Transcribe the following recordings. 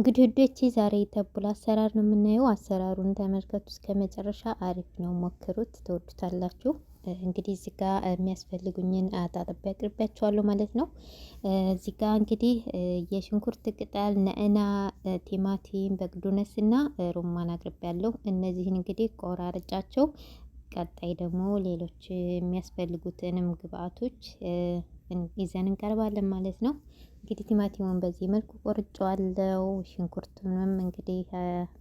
እንግዲህ ዛሬ የተቡል አሰራር ነው የምናየው። አሰራሩን ተመልከቱ እስከ መጨረሻ። አሪፍ ነው፣ ሞክሩት፣ ትወዱታላችሁ። እንግዲህ እዚህ ጋር የሚያስፈልጉኝን አጣጥቤ አቅርቢያችኋለሁ ማለት ነው። እዚህ ጋር እንግዲህ የሽንኩርት ቅጠል፣ ነእና ቲማቲም፣ በግዱነስ እና ሮማን አቅርቢያለሁ። እነዚህን እንግዲህ ቆራርጫቸው፣ ቀጣይ ደግሞ ሌሎች የሚያስፈልጉትንም ግብአቶች ይዘን እንቀርባለን ማለት ነው። እንግዲህ ቲማቲሙን በዚህ መልኩ ቆርጬዋለሁ። ሽንኩርቱንም እንግዲህ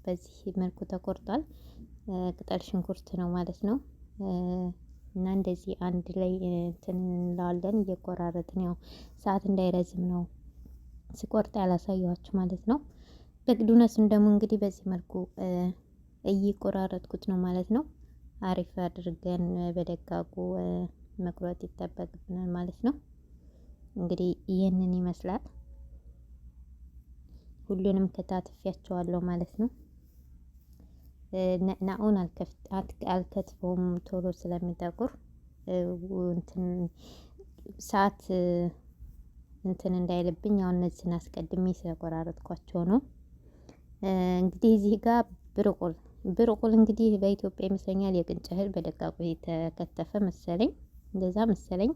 በዚህ መልኩ ተቆርጧል። ቅጠል ሽንኩርት ነው ማለት ነው። እና እንደዚህ አንድ ላይ እንትን እንለዋለን እየቆራረጥን ያው ሰዓት እንዳይረዝም ነው ስቆርጥ ያላሳየኋችሁ ማለት ነው። በግዱነሱን ደግሞ እንግዲህ በዚህ መልኩ እየቆራረጥኩት ነው ማለት ነው። አሪፍ አድርገን በደጋጉ መቁረጥ ይጠበቅብናል ማለት ነው። እንግዲህ ይህንን ይመስላል። ሁሉንም ከታትፊያቸዋለሁ ማለት ነው። ናኡን አልከትፈውም ቶሎ ስለሚጠቁር ሰዓት እንትን እንዳይልብኝ አሁን እነዚህን አስቀድሜ ስለቆራረጥኳቸው ነው። እንግዲህ እዚህ ጋር ብርቁል ብርቁል እንግዲህ በኢትዮጵያ ይመስለኛል የቅንጭ እህል በደቃቁ የተከተፈ መሰለኝ እንደዛ መሰለኝ።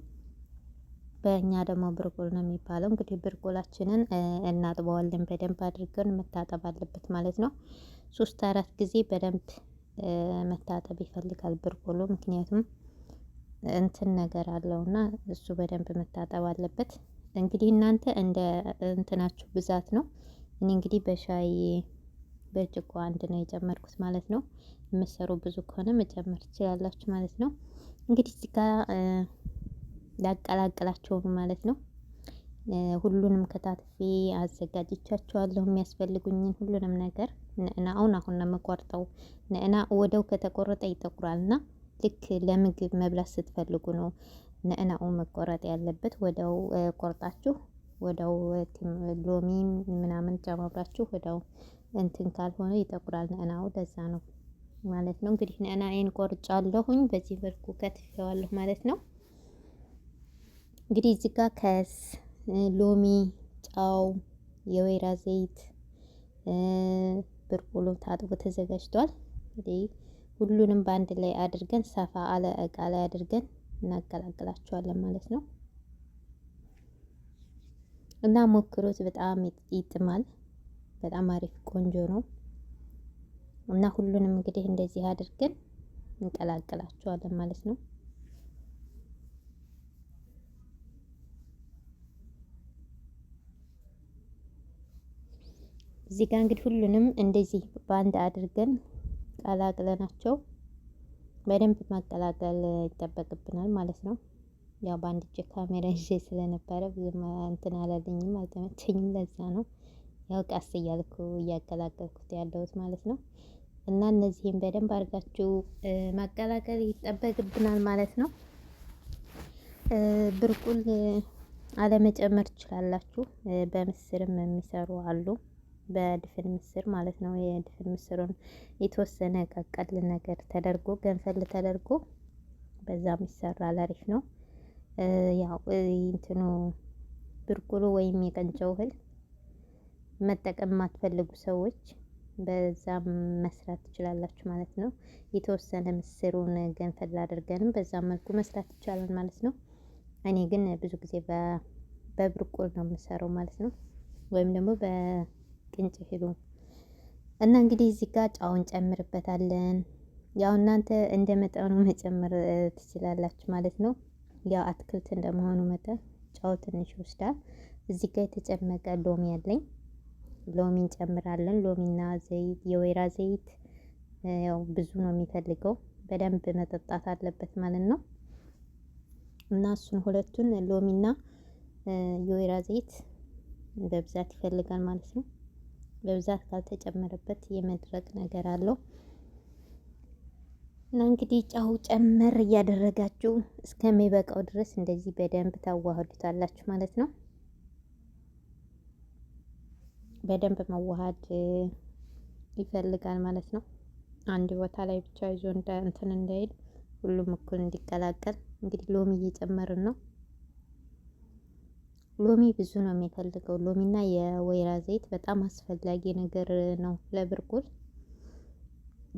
በእኛ ደግሞ ብርጎል ነው የሚባለው። እንግዲህ ብርጎላችንን እናጥበዋለን በደንብ አድርገን መታጠብ አለበት ማለት ነው። ሶስት አራት ጊዜ በደንብ መታጠብ ይፈልጋል ብርጎሎ፣ ምክንያቱም እንትን ነገር አለውና እሱ በደንብ መታጠብ አለበት። እንግዲህ እናንተ እንደ እንትናችሁ ብዛት ነው። እኔ እንግዲህ በሻይ በጭቆ አንድ ነው የጨመርኩት ማለት ነው። የምሰሩ ብዙ ከሆነ መጨመር ትችላላችሁ ማለት ነው። እንግዲህ እዚህ ጋር ላቀላቅላቸውን ማለት ነው። ሁሉንም ከታትፌ አዘጋጅቻቸዋለሁ የሚያስፈልጉኝን ሁሉንም ነገር። ንዕናውን አሁን ነው የምቆርጠው። ንዕና ወደው ከተቆረጠ ይጠቁራል እና ልክ ለምግብ መብላት ስትፈልጉ ነው ንዕናው መቆረጥ ያለበት። ወደው ቆርጣችሁ ወደው ሎሚ ምናምን ጨማብራችሁ ወደው እንትን ካልሆነ ይጠቁራል ንዕናው። ለዛ ነው ማለት ነው። እንግዲህ ንዕናዬን ቆርጫለሁኝ በዚህ መልኩ ከትፌዋለሁ ማለት ነው። እንግዲህ እዚህ ጋር ከስ፣ ሎሚ፣ ጨው፣ የወይራ ዘይት፣ ብርቆሎ ታጥቦ ተዘጋጅቷል። እንግዲህ ሁሉንም በአንድ ላይ አድርገን ሰፋ አለ እቃ ላይ አድርገን እናቀላቅላቸዋለን ማለት ነው እና ሞክሮት በጣም ይጥማል። በጣም አሪፍ ቆንጆ ነው እና ሁሉንም እንግዲህ እንደዚህ አድርገን እንቀላቅላቸዋለን ማለት ነው። እዚህ ጋር እንግዲህ ሁሉንም እንደዚህ በአንድ አድርገን ቀላቅለናቸው በደንብ ማቀላቀል ይጠበቅብናል ማለት ነው። ያው በአንድ እጅ ካሜራ ይዤ ስለነበረ ብዙም እንትን አላለኝም፣ አልተመቸኝም። ለዛ ነው ያው ቀስ እያልኩ እያቀላቀልኩት ያለሁት ማለት ነው። እና እነዚህም በደንብ አድርጋችሁ ማቀላቀል ይጠበቅብናል ማለት ነው። ብርቁን አለመጨመር ትችላላችሁ። በምስርም የሚሰሩ አሉ። በድፍን ምስር ማለት ነው። የድፍን ምስሩን የተወሰነ ቀቀል ነገር ተደርጎ ገንፈል ተደርጎ በዛም ይሰራል። አሪፍ ነው። ያው እንትኑ ብርቁሉ ወይም የቀንጨው እህል መጠቀም የማትፈልጉ ሰዎች በዛም መስራት ትችላላችሁ ማለት ነው። የተወሰነ ምስሩን ገንፈል አድርገንም በዛም መልኩ መስራት ይቻላል ማለት ነው። እኔ ግን ብዙ ጊዜ በብርቁል ነው የምሰራው ማለት ነው። ወይም ደግሞ በ ቅንጭ ሄዱ እና እንግዲህ እዚህ ጋር ጫውን ጨምርበታለን። ያው እናንተ እንደ መጠኑ መጨመር ትችላላችሁ ማለት ነው። ያው አትክልት እንደመሆኑ መጠን ጫው ትንሽ ይወስዳል። እዚህ ጋር የተጨመቀ ሎሚ አለኝ። ሎሚ እንጨምራለን። ሎሚና ዘይት፣ የወይራ ዘይት ያው ብዙ ነው የሚፈልገው በደንብ መጠጣት አለበት ማለት ነው። እና እሱን ሁለቱን ሎሚና የወይራ ዘይት በብዛት ይፈልጋል ማለት ነው። በብዛት ካልተጨመረበት የመድረቅ ነገር አለው እና እንግዲህ ጨው ጨመር እያደረጋችሁ እስከሚበቃው ድረስ እንደዚህ በደንብ ታዋህዱታላችሁ ማለት ነው። በደንብ መዋሃድ ይፈልጋል ማለት ነው። አንድ ቦታ ላይ ብቻ ይዞ እንትን እንዳይል ሁሉም እኩል እንዲቀላቀል እንግዲህ ሎሚ እየጨመርን ነው። ሎሚ ብዙ ነው የሚፈልገው። ሎሚና የወይራ ዘይት በጣም አስፈላጊ ነገር ነው ለብርቁል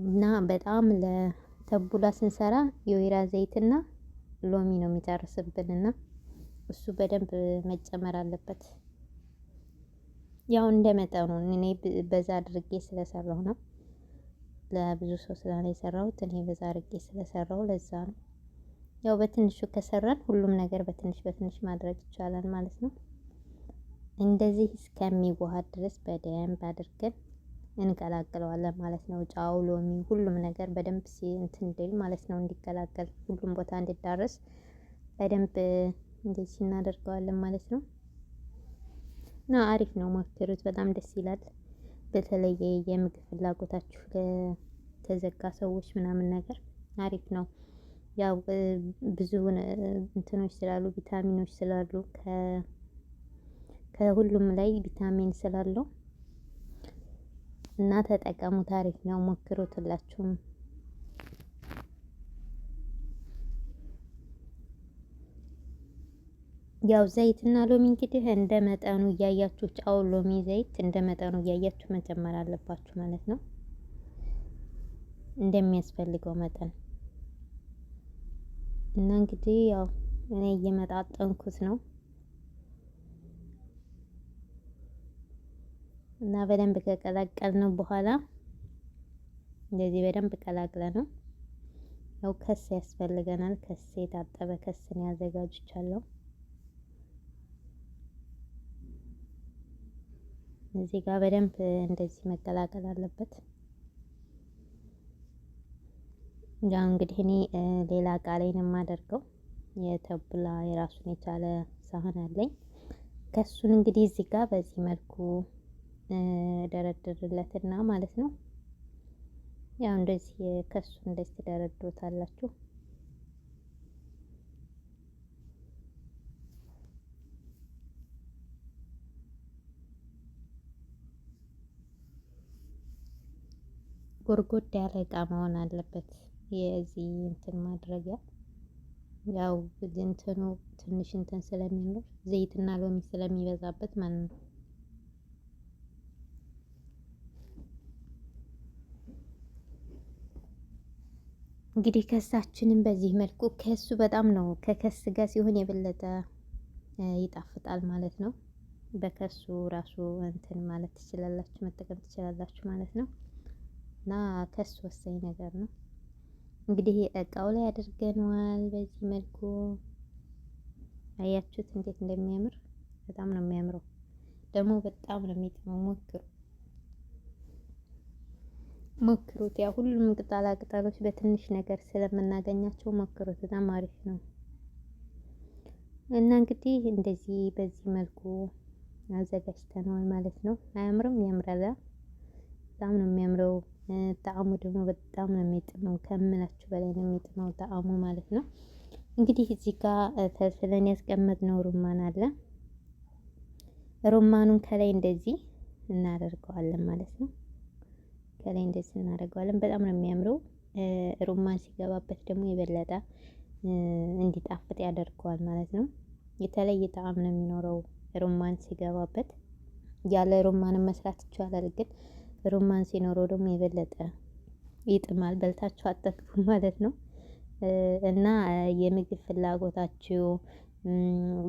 እና በጣም ለተቡላ ስንሰራ የወይራ ዘይትና ሎሚ ነው የሚጨርስብን እና እሱ በደንብ መጨመር አለበት። ያው እንደ መጠኑ እኔ በዛ አድርጌ ስለሰራው ነው። ለብዙ ሰው ስላለ የሰራሁት እኔ በዛ አድርጌ ስለሰራው ለዛ ነው። ያው በትንሹ ከሰራን ሁሉም ነገር በትንሽ በትንሽ ማድረግ ይቻላል ማለት ነው። እንደዚህ እስከሚዋሃድ ድረስ በደንብ አድርገን እንቀላቅለዋለን ማለት ነው። ጫው፣ ሎሚ ሁሉም ነገር በደንብ እንትን ማለት ነው፣ እንዲቀላቀል ሁሉም ቦታ እንዲዳረስ በደንብ እንደዚህ እናደርገዋለን ማለት ነው። እና አሪፍ ነው፣ ሞክሩት። በጣም ደስ ይላል። በተለየ የምግብ ፍላጎታችሁ ለተዘጋ ሰዎች ምናምን ነገር አሪፍ ነው። ያው ብዙ እንትኖች ስላሉ ቪታሚኖች ስላሉ ከሁሉም ላይ ቪታሚን ስላለው እና ተጠቀሙት። አሪፍ ነው፣ ሞክሩት ሁላችሁም። ያው ዘይትና ሎሚ እንግዲህ እንደ መጠኑ እያያችሁ ጫው፣ ሎሚ፣ ዘይት እንደ መጠኑ እያያችሁ መጨመር አለባችሁ ማለት ነው እንደሚያስፈልገው መጠን እና እንግዲህ ያው እኔ እየመጣጠንኩት ነው እና በደንብ ከቀላቀል ነው በኋላ እንደዚህ በደንብ ቀላቅለ ነው ያው ከስ ያስፈልገናል። ከስ የታጠበ ከስን ያዘጋጅቻለሁ። እዚህ ጋር በደንብ እንደዚህ መቀላቀል አለበት። ያው እንግዲህ እኔ ሌላ እቃ ላይ ነው የማደርገው። የተቡላ የራሱን የቻለ ሳህን አለኝ። ከሱን እንግዲህ እዚህ ጋር በዚህ መልኩ ደረድርለትና ማለት ነው ያው እንደዚህ ከሱ እንደዚህ ትደረድሩታላችሁ። ጎርጎድ ያለ እቃ መሆን አለበት። የዚህ እንትን ማድረጊያ ያው እንትኑ ትንሽ እንትን ስለሚኖር ዘይትና ሎሚ ስለሚበዛበት ማለት ነው። እንግዲህ ከሳችንን በዚህ መልኩ ከሱ በጣም ነው ከከስ ጋር ሲሆን የበለጠ ይጣፍጣል ማለት ነው። በከሱ ራሱ እንትን ማለት ትችላላችሁ፣ መጠቀም ትችላላችሁ ማለት ነው። እና ከሱ ወሳኝ ነገር ነው። እንግዲህ እቃው ላይ አድርገነዋል። በዚህ መልኩ አያችሁት እንዴት እንደሚያምር በጣም ነው የሚያምረው። ደግሞ በጣም ነው የሚጥመው። ሞክሩ ሞክሩት። ያ ሁሉም ቅጠላ ቅጠሎች በትንሽ ነገር ስለምናገኛቸው ሞክሩት። በጣም አሪፍ ነው እና እንግዲህ እንደዚህ በዚህ መልኩ አዘጋጅተነዋል ማለት ነው። አያምርም? ያምራል። በጣም ነው የሚያምረው። ጣዕሙ ደግሞ በጣም ነው የሚጥመው ከምላችሁ በላይ ነው የሚጥመው ጣዕሙ ማለት ነው። እንግዲህ እዚህ ጋር ተስለን ያስቀመጥነው ሩማን አለ። ሩማኑን ከላይ እንደዚህ እናደርገዋለን ማለት ነው። ከላይ እንደዚህ እናደርገዋለን። በጣም ነው የሚያምረው። ሩማን ሲገባበት ደግሞ የበለጠ እንዲጣፍጥ ያደርገዋል ማለት ነው። የተለየ ጣዕም ነው የሚኖረው ሩማን ሲገባበት። ያለ ሩማንም መስራት ይቻላል ግን ሮማን ሲኖረው ደግሞ የበለጠ ይጥማል። በልታችሁ አጠግቡ ማለት ነው። እና የምግብ ፍላጎታችሁ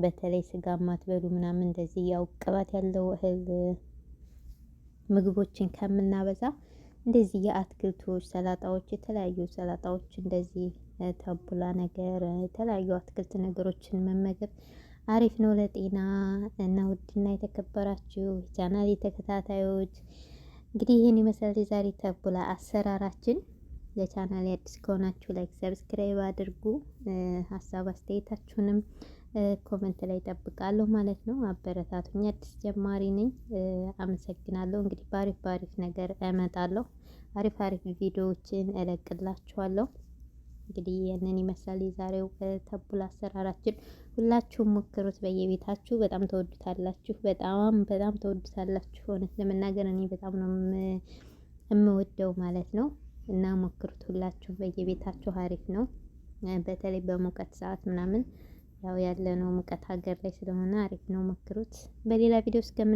በተለይ ስጋ ማትበሉ ምናምን እንደዚህ ያው ቅባት ያለው እህል ምግቦችን ከምናበዛ እንደዚህ የአትክልቶች ሰላጣዎች፣ የተለያዩ ሰላጣዎች እንደዚህ ተቡላ ነገር የተለያዩ አትክልት ነገሮችን መመገብ አሪፍ ነው ለጤና እና ውድና የተከበራችሁ ቻናል ተከታታዮች እንግዲህ ይህን ይመስላል የዛሬ ተኩላ አሰራራችን። ለቻናል አዲስ ከሆናችሁ ላይክ፣ ሰብስክራይብ አድርጉ። ሀሳብ አስተያየታችሁንም ኮመንት ላይ ጠብቃለሁ ማለት ነው። አበረታቱኝ፣ አዲስ ጀማሪ ነኝ። አመሰግናለሁ። እንግዲህ በአሪፍ በአሪፍ ነገር እመጣለሁ። አሪፍ አሪፍ ቪዲዮዎችን እለቅላችኋለሁ። እንግዲህ ይህንን ይመስላል የዛሬው ተቡላ አሰራራችን። ሁላችሁም ሞክሩት በየቤታችሁ በጣም ተወዱታላችሁ። በጣም በጣም ተወዱታላችሁ። እውነት ለመናገር እኔ በጣም ነው የምወደው ማለት ነው። እና ሞክሩት ሁላችሁም በየቤታችሁ አሪፍ ነው። በተለይ በሙቀት ሰዓት ምናምን ያው ያለነው ሙቀት ሀገር ላይ ስለሆነ አሪፍ ነው። ሞክሩት። በሌላ ቪዲዮ እስከምን